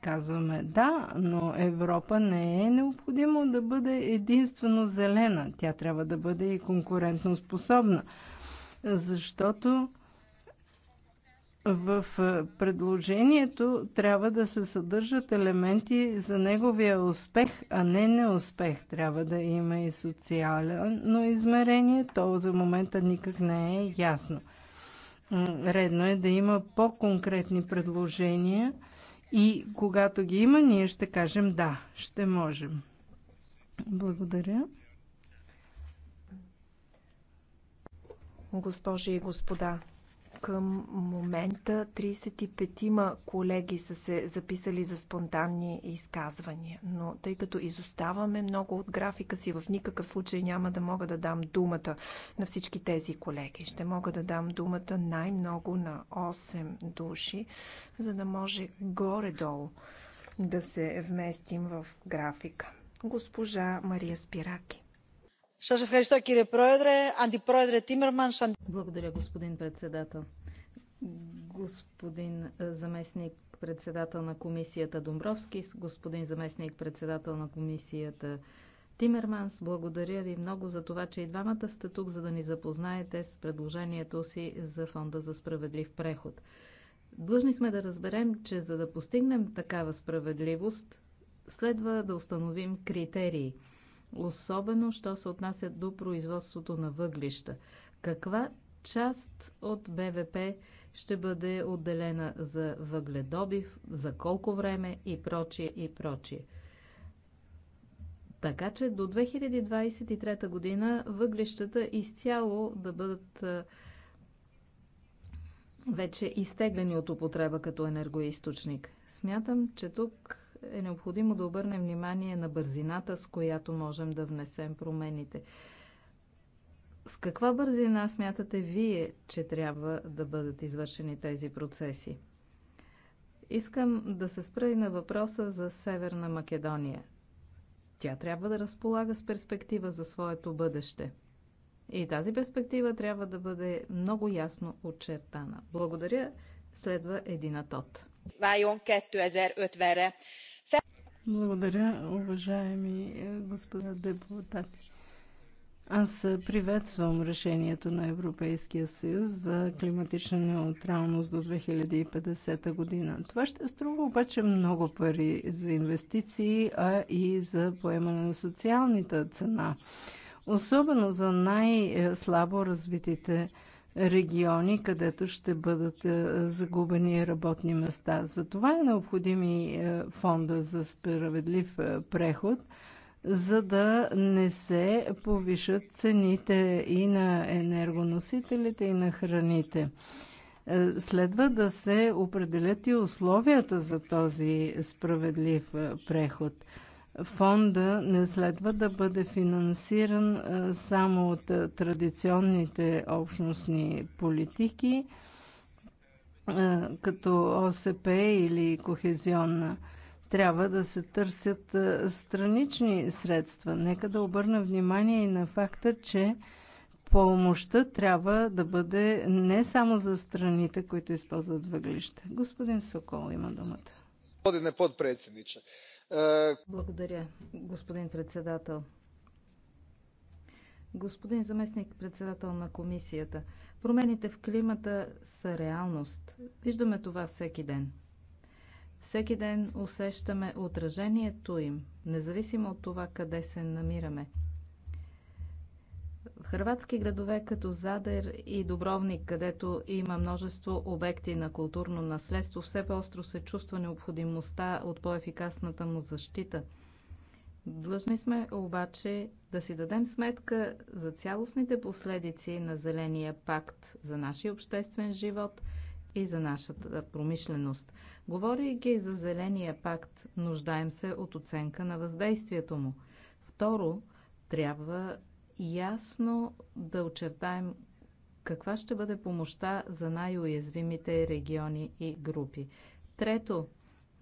казваме да, но Европа не е необходимо да бъде единствено зелена. Тя трябва да бъде и конкурентно способна, защото в е, предложението трябва да се съдържат елементи за неговия успех, а не неуспех. Трябва да има и социално измерение. То за момента никак не е ясно. Редно е да има по-конкретни предложения и когато ги има, ние ще кажем да, ще можем. Благодаря. Госпожи и господа, към момента 35-ма колеги са се записали за спонтанни изказвания, но тъй като изоставаме много от графика си, в никакъв случай няма да мога да дам думата на всички тези колеги. Ще мога да дам думата най-много на 8 души, за да може горе-долу да се вместим в графика. Госпожа Мария Спираки. Благодаря, господин председател. Господин е, заместник председател на комисията Домбровски, господин заместник председател на комисията Тимерманс, благодаря ви много за това, че и двамата сте тук, за да ни запознаете с предложението си за Фонда за справедлив преход. Длъжни сме да разберем, че за да постигнем такава справедливост, следва да установим критерии – особено що се отнася до производството на въглища. Каква част от БВП ще бъде отделена за въгледобив, за колко време и прочие и прочие. Така че до 2023 година въглищата изцяло да бъдат вече изтеглени от употреба като енергоисточник. Смятам, че тук е необходимо да обърнем внимание на бързината, с която можем да внесем промените. С каква бързина смятате вие, че трябва да бъдат извършени тези процеси? Искам да се спра и на въпроса за Северна Македония. Тя трябва да разполага с перспектива за своето бъдеще. И тази перспектива трябва да бъде много ясно очертана. Благодаря. Следва един атот. Благодаря, уважаеми е, господа депутати. Аз е, приветствам решението на Европейския съюз за климатична неутралност до 2050 година. Това ще струва обаче много пари за инвестиции, а и за поемане на социалната цена. Особено за най-слабо е, развитите региони, където ще бъдат е, загубени работни места. За това е необходим и е, фонда за справедлив е, преход, за да не се повишат цените и на енергоносителите, и на храните. Следва да се определят и условията за този справедлив преход – фонда не следва да бъде финансиран само от традиционните общностни политики, като ОСП или кохезионна. Трябва да се търсят странични средства. Нека да обърна внимание и на факта, че помощта трябва да бъде не само за страните, които използват въглища. Господин Сокол има думата. Господине подпредседниче, е, Благодаря, господин председател. Господин заместник председател на комисията, промените в климата са реалност. Виждаме това всеки ден. Всеки ден усещаме отражението им, независимо от това къде се намираме. Хрватски градове като Задер и Добровник, където има множество обекти на културно наследство, все по-остро се чувства необходимостта от по-ефикасната му защита. Длъжни сме обаче да си дадем сметка за цялостните последици на Зеления пакт за нашия обществен живот и за нашата промишленост. Говорейки за Зеления пакт, нуждаем се от оценка на въздействието му. Второ, трябва ясно да очертаем каква ще бъде помощта за най-уязвимите региони и групи. Трето,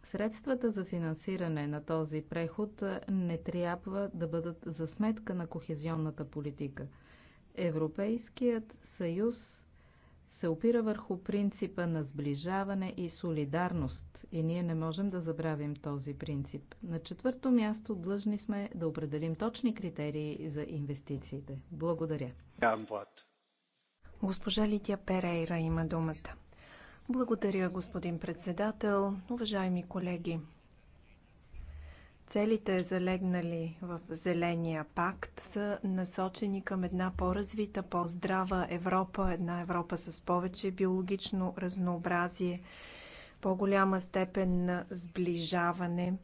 средствата за финансиране на този преход не трябва да бъдат за сметка на кохезионната политика. Европейският съюз се опира върху принципа на сближаване и солидарност и ние не можем да забравим този принцип. На четвърто място длъжни сме да определим точни критерии за инвестициите. Благодаря. Госпожа Лития Перейра има думата. Благодаря, господин председател. Уважаеми колеги, Целите, залегнали в Зеления пакт, са насочени към една по-развита, по-здрава Европа, една Европа с повече биологично разнообразие, по-голяма степен на сближаване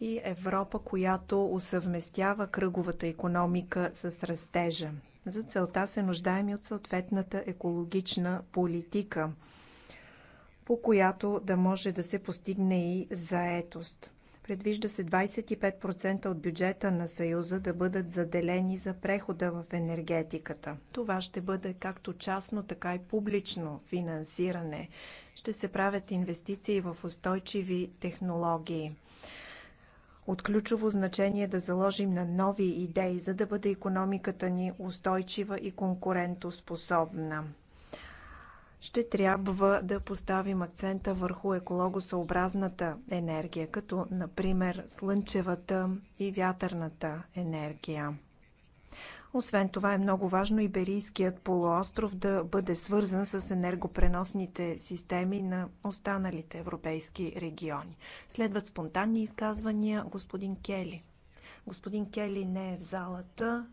и Европа, която усъвместява кръговата економика с растежа. За целта се нуждаем и от съответната екологична политика, по която да може да се постигне и заетост. Предвижда се 25% от бюджета на Съюза да бъдат заделени за прехода в енергетиката. Това ще бъде както частно, така и публично финансиране. Ще се правят инвестиции в устойчиви технологии. От ключово значение е да заложим на нови идеи, за да бъде економиката ни устойчива и конкурентоспособна ще трябва да поставим акцента върху екологосъобразната енергия, като например слънчевата и вятърната енергия. Освен това е много важно Иберийският полуостров да бъде свързан с енергопреносните системи на останалите европейски региони. Следват спонтанни изказвания господин Кели. Господин Кели не е в залата.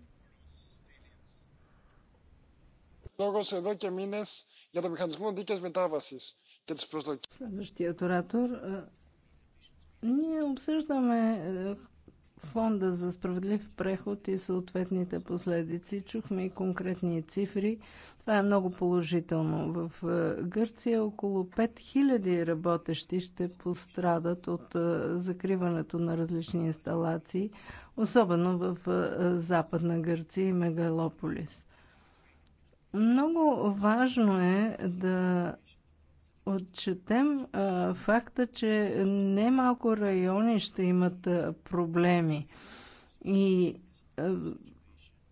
λόγος εδώ και μήνες για τον μηχανισμό δίκαιας μετάβασης και τις προσδοκίες. Следващият оратор. Ние обсъждаме фонда за справедлив преход и съответните последици. Чухме и конкретни цифри. Това е много положително. В Гърция около 5000 работещи ще пострадат от закриването на различни инсталации, особено в Западна Гърция и Мегалополис. Много важно е да отчетем а, факта, че немалко райони ще имат а, проблеми. И а,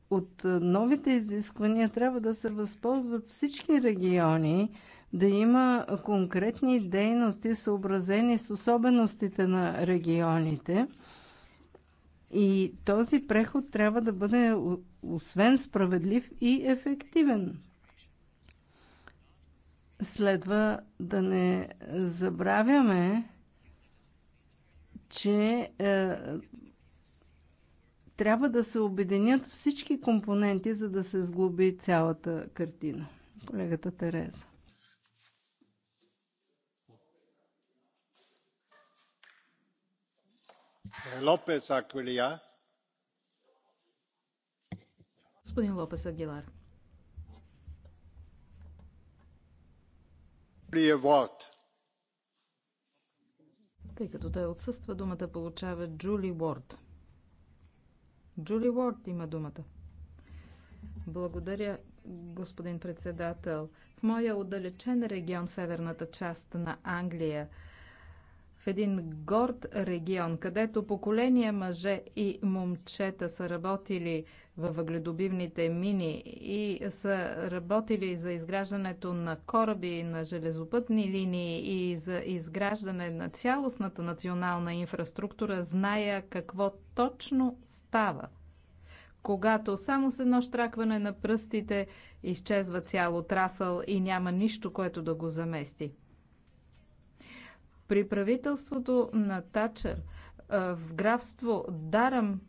от новите изисквания трябва да се възползват всички региони, да има конкретни дейности, съобразени с особеностите на регионите и този преход трябва да бъде освен справедлив и ефективен. Следва да не забравяме, че е, трябва да се обединят всички компоненти, за да се сглоби цялата картина. Колегата Тереза. Eh, господин Лопес Агилар. Тъй като той отсъства, думата получава Джули Уорд. Джули Уорд има думата. Благодаря, господин председател. В моя отдалечен регион, северната част на Англия, в един горд регион, където поколения мъже и момчета са работили във въгледобивните мини и са работили за изграждането на кораби, на железопътни линии и за изграждане на цялостната национална инфраструктура, зная какво точно става когато само с едно штракване на пръстите изчезва цял отрасъл и няма нищо, което да го замести. При правителството на тачър в графство Дарам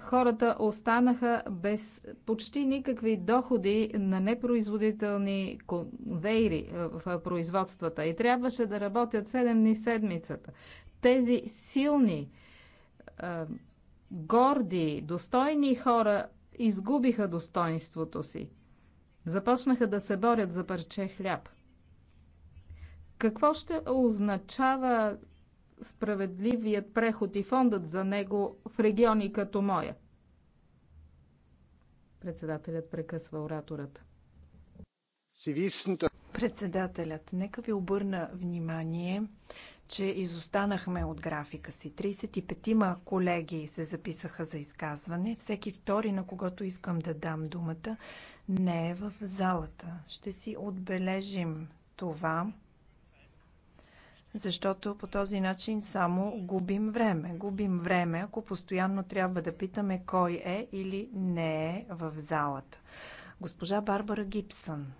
хората останаха без почти никакви доходи на непроизводителни конвейри в производствата и трябваше да работят 7 дни в седмицата. Тези силни, горди, достойни хора изгубиха достоинството си. Започнаха да се борят за парче хляб. Какво ще означава справедливият преход и фондът за него в региони като моя? Председателят прекъсва ораторът. Председателят, нека ви обърна внимание, че изостанахме от графика си. 35-ма колеги се записаха за изказване. Всеки втори, на когато искам да дам думата, не е в залата. Ще си отбележим това защото по този начин само губим време. Губим време, ако постоянно трябва да питаме кой е или не е в залата. Госпожа Барбара Гибсън.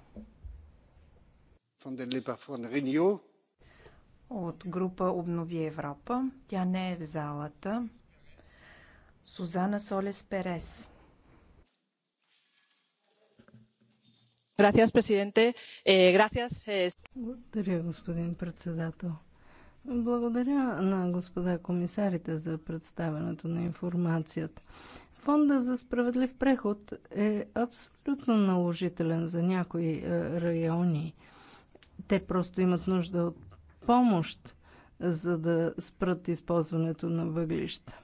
От група Обнови Европа. Тя не е в залата. Сузана Солес Перес. Eh, eh, Благодаря, господин председател. Благодаря на господа комисарите за представянето на информацията. Фонда за справедлив преход е абсолютно наложителен за някои е, райони. Те просто имат нужда от помощ, за да спрат използването на въглища.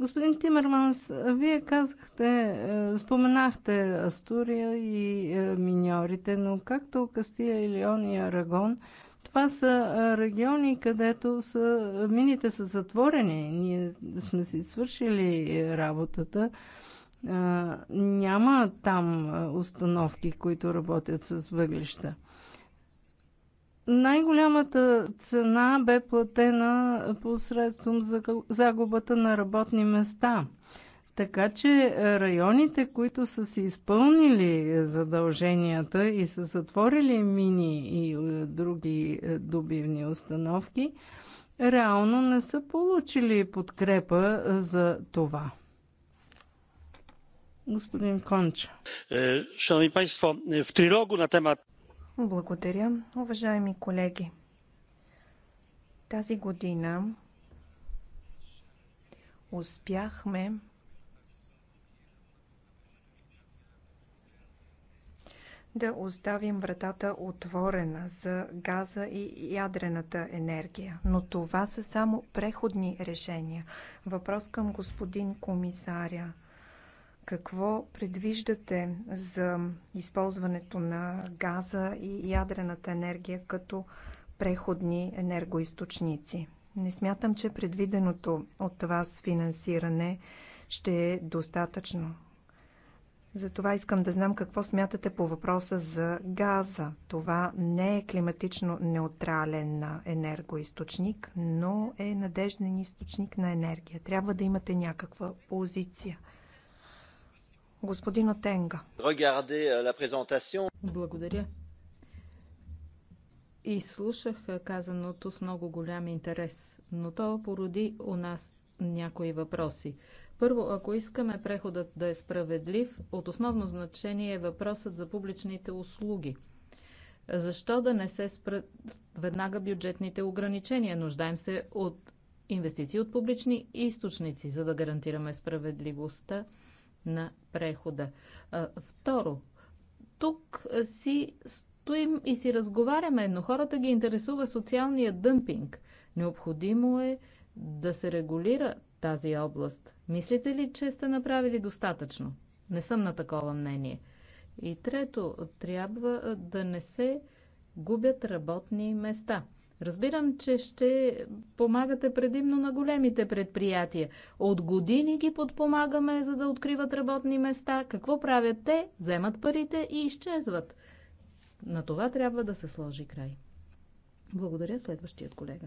Господин Тимерманс, вие казахте, е, споменахте Астурия и е, миньорите, но както Кастия и Леон и Арагон – това са региони, където са, мините са затворени. Ние сме си свършили е, работата. Няма там установки, които работят с въглища. Най-голямата цена бе платена посредством загубата на работни места – така че е, районите, които са си изпълнили е, задълженията и са затворили мини и е, други добивни установки, реално не са получили подкрепа за това. Господин Конча. Шановни Państwo, в трилогу на тема... Благодаря, уважаеми колеги. Тази година успяхме да оставим вратата отворена за газа и ядрената енергия. Но това са само преходни решения. Въпрос към господин комисаря. Какво предвиждате за използването на газа и ядрената енергия като преходни енергоисточници? Не смятам, че предвиденото от вас финансиране ще е достатъчно. Затова искам да знам какво смятате по въпроса за газа. Това не е климатично неутрален енергоисточник, но е надежден източник на енергия. Трябва да имате някаква позиция. Господин Отенга. Е, Благодаря. И слушах е, казаното с много голям интерес, но то породи у нас някои въпроси. Първо, ако искаме преходът да е справедлив, от основно значение е въпросът за публичните услуги. Защо да не се спрат веднага бюджетните ограничения? Нуждаем се от инвестиции от публични източници, за да гарантираме справедливостта на прехода. Второ, тук си стоим и си разговаряме, но хората ги интересува социалния дъмпинг. Необходимо е да се регулира тази област. Мислите ли, че сте направили достатъчно? Не съм на такова мнение. И трето, трябва да не се губят работни места. Разбирам, че ще помагате предимно на големите предприятия. От години ги подпомагаме, за да откриват работни места. Какво правят те? Вземат парите и изчезват. На това трябва да се сложи край. Благодаря следващият колега.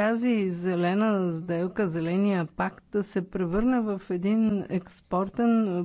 тази зелена сделка, зеления пакт да се превърне в един експортен